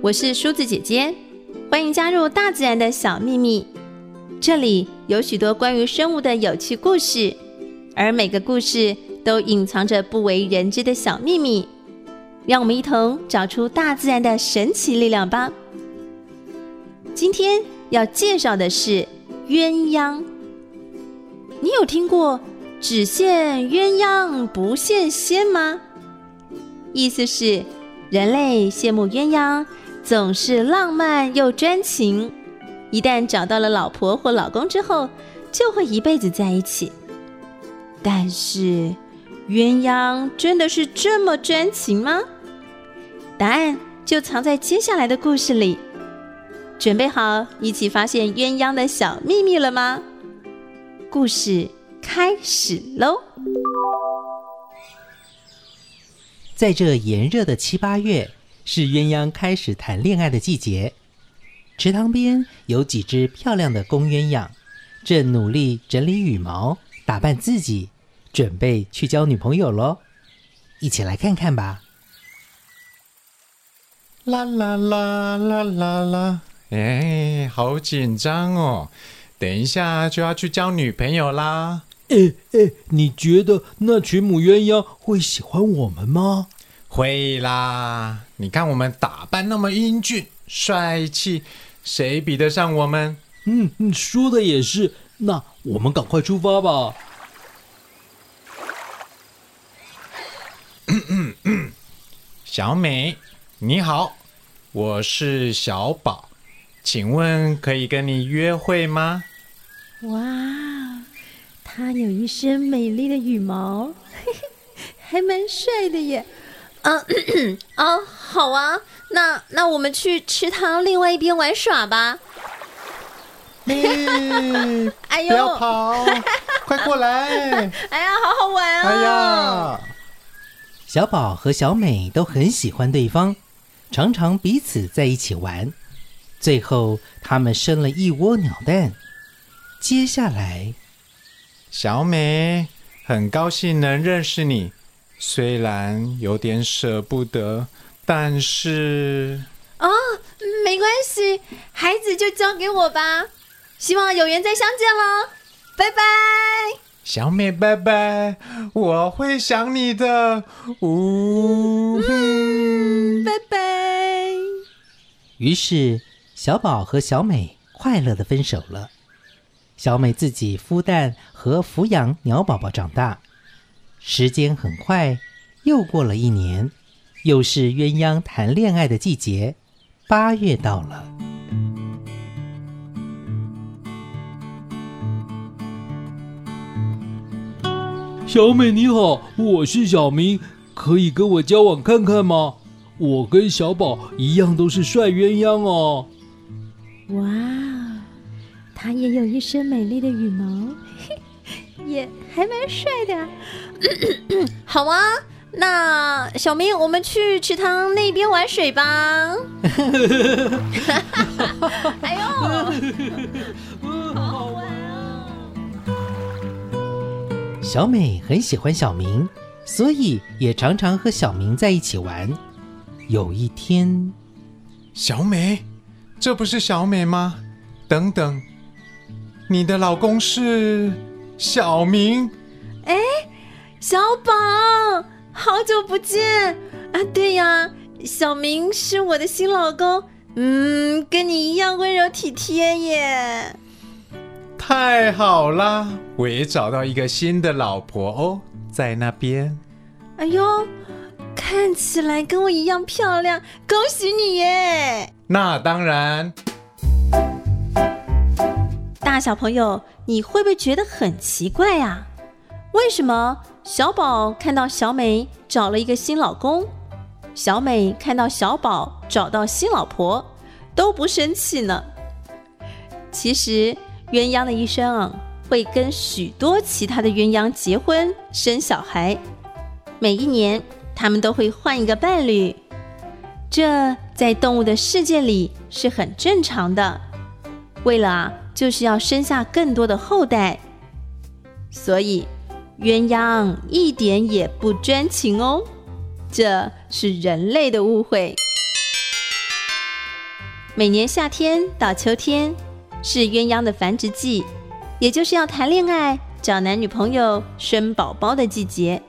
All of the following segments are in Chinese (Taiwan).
我是梳子姐姐，歡迎加入《大自然的小秘密》。這裡有許多關於生物的有趣故事，而每個故事都隱藏着不為人知的小秘密。讓我們一同找出大自然的神奇力量吧。今天要介紹的是鴛鴦。你有聽過“只羨鴛鴦不羨仙”嗎？意思是人類羨慕鴛鴦。總是浪漫又專情，一旦找到了老婆或老公之後，就會一輩子在一起。但是，鴛鴦真的是這麼專情嗎？答案就藏在接下來的故事裡。準備好一起發現鴛鴦的小秘密了嗎？故事開始嘍！在這炎熱的七八月。是鴛鴦開始談戀愛的季節，池塘邊有幾隻漂亮的公鴛鴦，正努力整理羽毛，打扮自己，準備去交女朋友咯。一起來看看吧。啦啦啦啦啦啦！哎，好緊張哦，等一下就要去交女朋友啦。哎哎，你覺得那群母鴛鴦會喜歡我們嗎？會啦！你看我們打扮那麼英俊帥氣，誰比得上我們？嗯，嗯，說的也是。那我們趕快出發吧。嗯嗯嗯，小美你好，我是小寶，請問可以跟你約會嗎？哇，他有一身美麗的羽毛，嘿嘿，還蠻帥的耶。嗯、uh, 啊， uh, 好啊，那那我們去池塘另外一邊玩耍吧。哎 呦，不要跑， 快過來！ 哎呀，好好玩啊、哦！哎呀，小寶和小美都很喜歡對方，常常彼此在一起玩。最後，他們生了一窩鳥蛋。接下來，小美很高興能認識你。雖然有點捨不得，但是哦，oh, 沒關係，孩子就交給我吧。希望有緣再相見嘍，拜拜，小美，拜拜，我會想你的，嗚、嗯嗯，拜拜。於是，小寶和小美快樂的分手了。小美自己孵蛋，和撫養鳥寶寶長大。時間很快，又過了一年，又是鴛鴦談戀愛的季節。八月到了。小美你好，我是小明，可以跟我交往看看嗎？我跟小寶一樣，都是帥鴛鴦哦。哇，他也有一身美麗的羽毛。也還蠻帥的， 好啊，那小明，我們去池塘那邊玩水吧。 哎呦， 好玩哦，啊。小美很喜歡小明，所以也常常和小明在一起玩。有一天，小美，這不是小美嗎？等等，你的老公是？小明，哎、欸，小寶，好久不見啊！對呀，小明是我的新老公，嗯，跟你一樣溫柔體貼耶。太好啦，我也找到一個新的老婆哦，在那邊。哎呦，看起來跟我一樣漂亮，恭喜你耶！那當然，大小朋友。你會不會覺得很奇怪呀、啊？為什麼小寶看到小美找了一個新老公，小美看到小寶找到新老婆都不生氣呢？其實鴛鴦的一生啊，會跟許多其他的鴛鴦結婚生小孩，每一年他們都會換一個伴侶，這在動物的世界裡是很正常的。為了啊。就是要生下更多的後代，所以鴛鴦一點也不專情哦。這是人類的誤會。每年夏天到秋天是鴛鴦的繁殖季，也就是要談戀愛、找男女朋友、生寶寶的季節。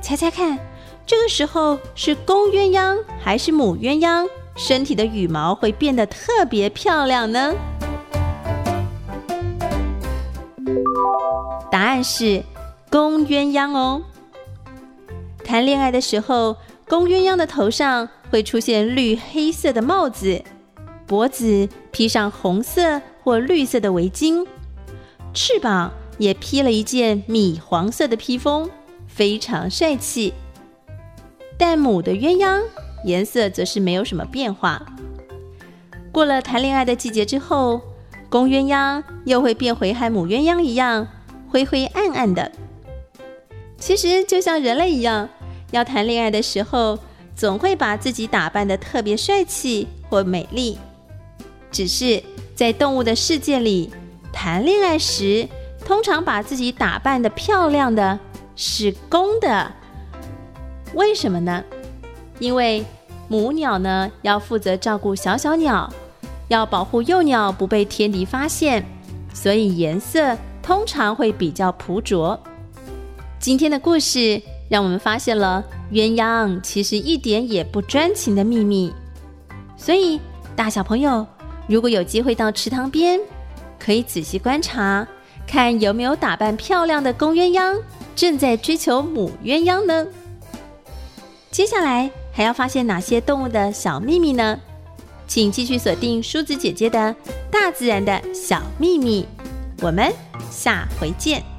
猜猜看，這個時候是公鴛鴦還是母鴛鴦？身體的羽毛會變得特別漂亮呢？答案是公鴛鴦哦。談戀愛的時候，公鴛鴦的頭上會出現綠黑色的帽子，脖子披上紅色或綠色的圍巾，翅膀也披了一件米黃色的披風，非常帥氣。但母的鴛鴦顏色則是沒有什麼變化。過了談戀愛的季節之後，公鴛鴦又會變回和母鴛鴦一樣。灰灰暗暗的，其實就像人類一樣，要談戀愛的時候，總會把自己打扮得特別帥氣或美麗。只是在動物的世界裡，談戀愛時通常把自己打扮得漂亮的是公的，為什麼呢？因為母鳥呢要負責照顧小小鳥，要保護幼鳥不被天敵發現，所以顏色。通常會比較樸拙。今天的故事讓我們發現了鴛鴦其實一點也不專情的秘密。所以，大小朋友如果有機會到池塘邊，可以仔細觀察，看有沒有打扮漂亮的公鴛鴦正在追求母鴛鴦呢？接下來還要發現哪些動物的小秘密呢？請繼續鎖定梳子姐姐的《大自然的小秘密》，我們。下回見。